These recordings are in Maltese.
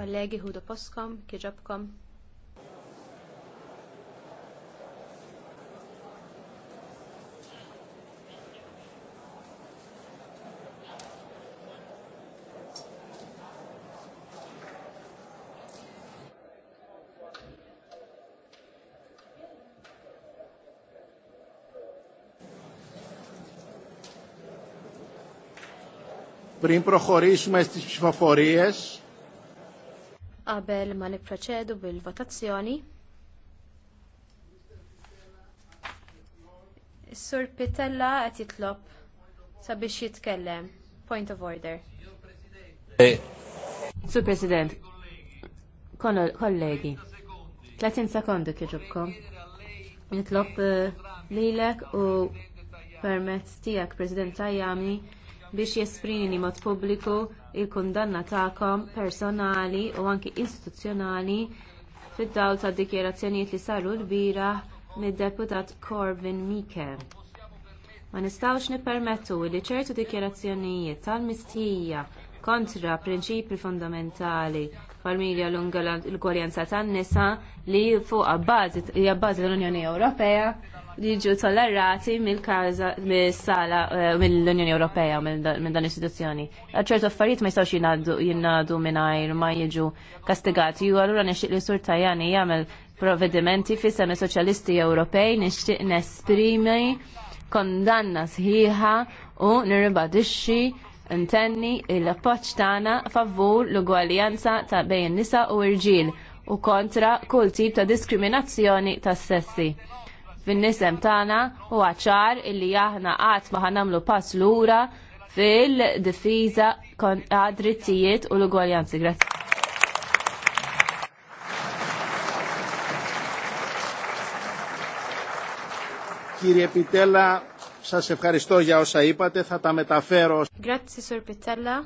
Kollegi ħudu poskom, kieġobkom. πριν προχωρήσουμε στις ψηφοφορίες Qabel ma nipproċedu bil-votazzjoni, Sur Pitella qed jitlob sabiex jitkellem. Point of order. Sur President, kollegi, 30 sekondu kieġobkom. Nitlob eh, lilek u permezz tiegħek President Tajami biex jesprimi mod pubbliku l-kundanna tagħkom personali u anki istituzzjonali fid-dawl tad dikjerazzjonijiet li saru lbieraħ mid-deputat Corbyn Mikke. Ma nistgħux nippermettu li ċertu dikjerazzjonijiet tal-mistija kontra prinċipji fondamentali familja lunga l-gwaljanza tan-nisa li fuq bażi l-Unjoni Ewropea li jiġu tollerati mill-kaza mill-sala eh, mill-Unjoni Ewropea minn dan istituzzjoni ċertu affarijiet ma jistgħux jinnadu mingħajr ma jiġu kastigati u allura nixtieq li sur Tajani jagħmel provvedimenti fis semi soċjalisti Ewropej nixtieq nesprimi kondanna sħiħa u nirribadixxi intenni l-appoġġ tagħna favur l-ugwaljanza ta' bejn nisa u irġiel u kontra kull tip ta' diskriminazzjoni tas sessi. Fin-nisem tagħna u ċar illi aħna qatt ma ħanamlu pass lura fil-difiża drittijiet u l-ugwaljanzi. Grazzi. Kirje Pitella, Σας ευχαριστώ για όσα είπατε, θα τα μεταφέρω. Grazie, Sir Pittella,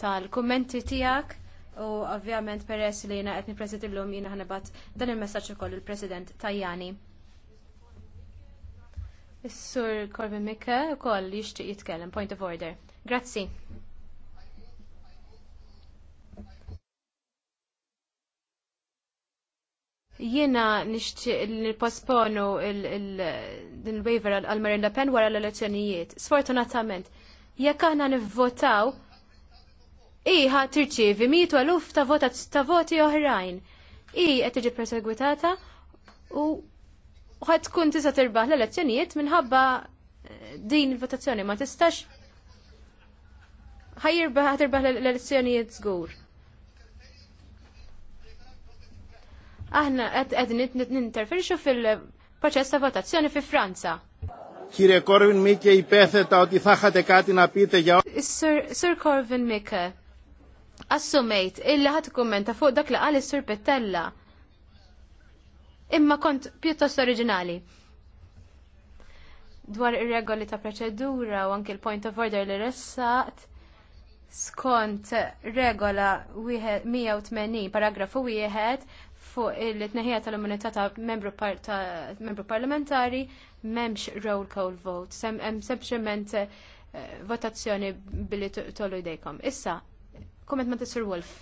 tal commenti tijak u ovvjament peress li jina etni president l-lum jina ħanibat dan il-messagġ ukoll il-president Tajani. Is-sur Corbin Mikke ukoll jixtieq jitkellem, point of order. Grazzi. Jiena nixtieq li posponu il-waiver għal Marine Le Pen wara l-elezzjonijiet. Sfortunatament, jekk aħna nivvotaw, iħa tirċievi mitu għaluf ta' ta' voti oħrajn. I qed tiġi perseguitata u ħadd tkun tista' tirbaħ l-elezzjonijiet minħabba eh, din il-votazzjoni ma tistax ħajirbaħ tirbaħ l-elezzjonijiet żgur. aħna qed ninterferixu fil-proċess ta' votazzjoni fi Franza. Kire Corvin Mike ta' ti thaħħate kati na pite ja. Sir Corvin Mike, assumejt illi ħat kommenta fuq dak li qal is-Sur Pittella. Imma kont pjuttost oriġinali dwar ir-regoli ta' proċedura u anke l-point of order li ressaqt skont regola 180 paragrafu wieħed fuq il-tneħija tal-immunità ta' membru, par ta membru parlamentari m'hemmx roll call vote, sem hemm sempliment eh, votazzjoni billi tollu jdejkom. Issa, komment ma' Sir Wolf.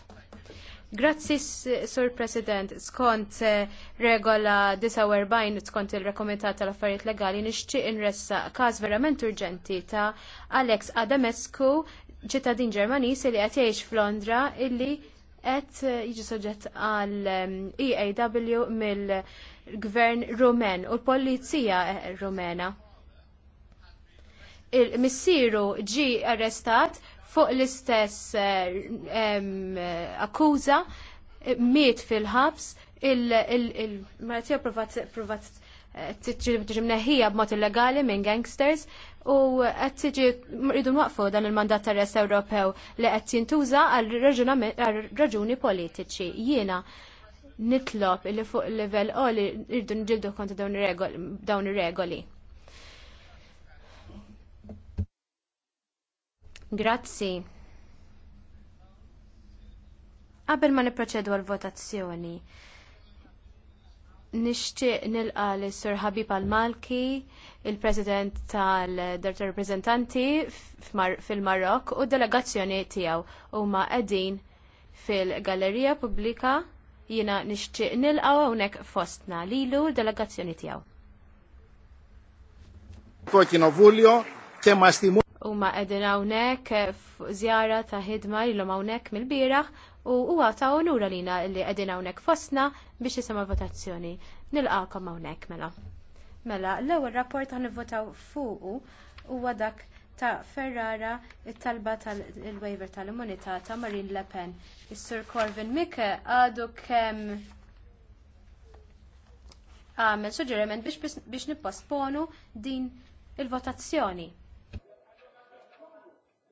Grazzi, Sur President, skont eh, regola 49 skont il-rekomendat tal-affarijiet legali nixtieq inressa każ verament urġenti ta' Alex Adamescu ċittadin Ġermaniż li qed jgħix f'Londra illi qed jiġi soġġett għal EAW ehm, e mill-Gvern Rumen u l-Polizija Rumena. Il-missieru ġi arrestat fuq l-istess ehm, akkuża miet fil-ħabs il-Maratija provat tiġi b b'mod illegali minn gangsters u qed tiġi rridu nwaqfu dan il-mandat tar-res Ewropew li qed jintuża għal raġuni politiċi. Jiena nitlob li fuq livell li rridu nġildu kont dawn ir-regoli. Grazzi. Qabel ma nipproċedu għal votazzjoni, Nixtieq nilqa l sur Habib Al-Malki, il-President tal-Dart Reprezentanti fil-Marok u delegazzjoni tiegħu huma qegħdin fil-Gallerija Pubblika jiena nixtieq nilqa hawnhekk fostna lilu l-delegazzjoni tiegħu. Huma qegħdin għawnek f'żjara ta' ħidma l hawnhekk mil-birax u huwa ta' onura lina li qegħdin hawnhekk fostna biex jisema' votazzjoni. Nilqakom hawnhekk mela. Mela, l-ewwel rapport ta' nivvotaw fuqu huwa dak ta' Ferrara it-talba tal-waiver tal-immunità ta' Marine Le Pen. Is-Sur Corvin Mike għadu kemm għamel suġġeriment biex, biex nipposponu din il-votazzjoni.